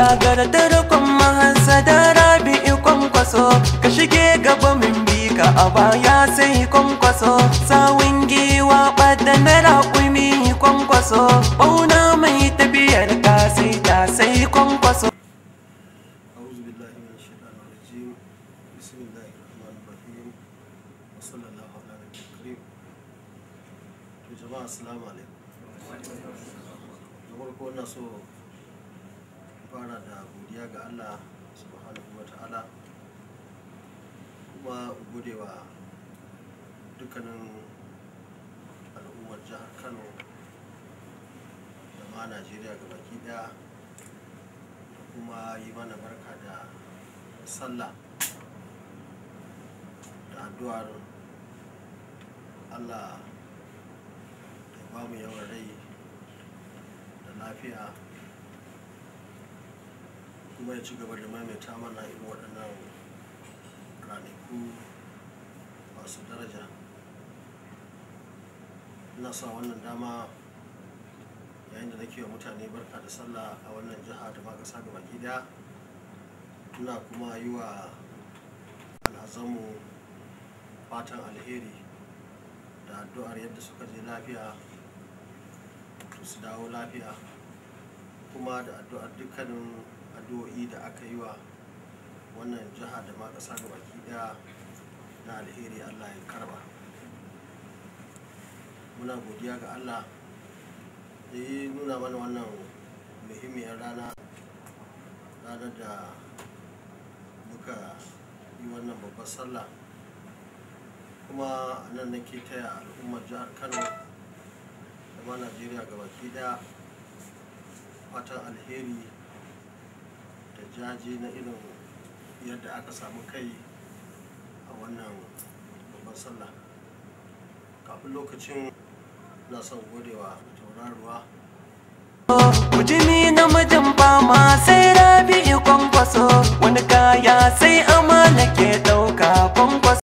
gagara da rukun mahansa da rabi kwankwaso ka shige gaba min bi ka a baya sai kwankwaso sawun giwa ɓadda na raƙumi kwankwaso ɓauna mai tafiyar ka sai ta sai kwankwaso jama'a assalamu alaikum da farko na so fara da godiya ga allah subhanahu wa ta'ala kuma gudewa dukkanin al'ummar jihar kano da ma najeriya ga baki daya da kuma yi mana barka da sallah da addu'ar allah da ba mu yawan rai da lafiya kuma ya ci gaba da maimaita mana irin waɗannan ranaku masu daraja ina sa wannan dama yayin da nake wa mutane barka da sallah a wannan jiha da ma ƙasa gaba gida ina kuma yi wa al'azamu fatan alheri da addu'ar yadda suka je lafiya su dawo lafiya kuma da addu'ar dukkanin addu'o'i da aka yi wa wannan jiha da ma ƙasa ga baki na alheri allah ya karba muna godiya ga allah da yi nuna mana wannan muhimmiyar rana rana da muka yi wannan babbar sallah kuma nan nake taya al'ummar jihar kano da ma najeriya baki daya fatan alheri da jaje na irin yadda aka samu kai a wannan babban sallah kafin lokacin na son godewa tauraruwa Mujini namijin fama sai rabi'i kwankwaso wani kaya sai amana ke ɗauka kwankwaso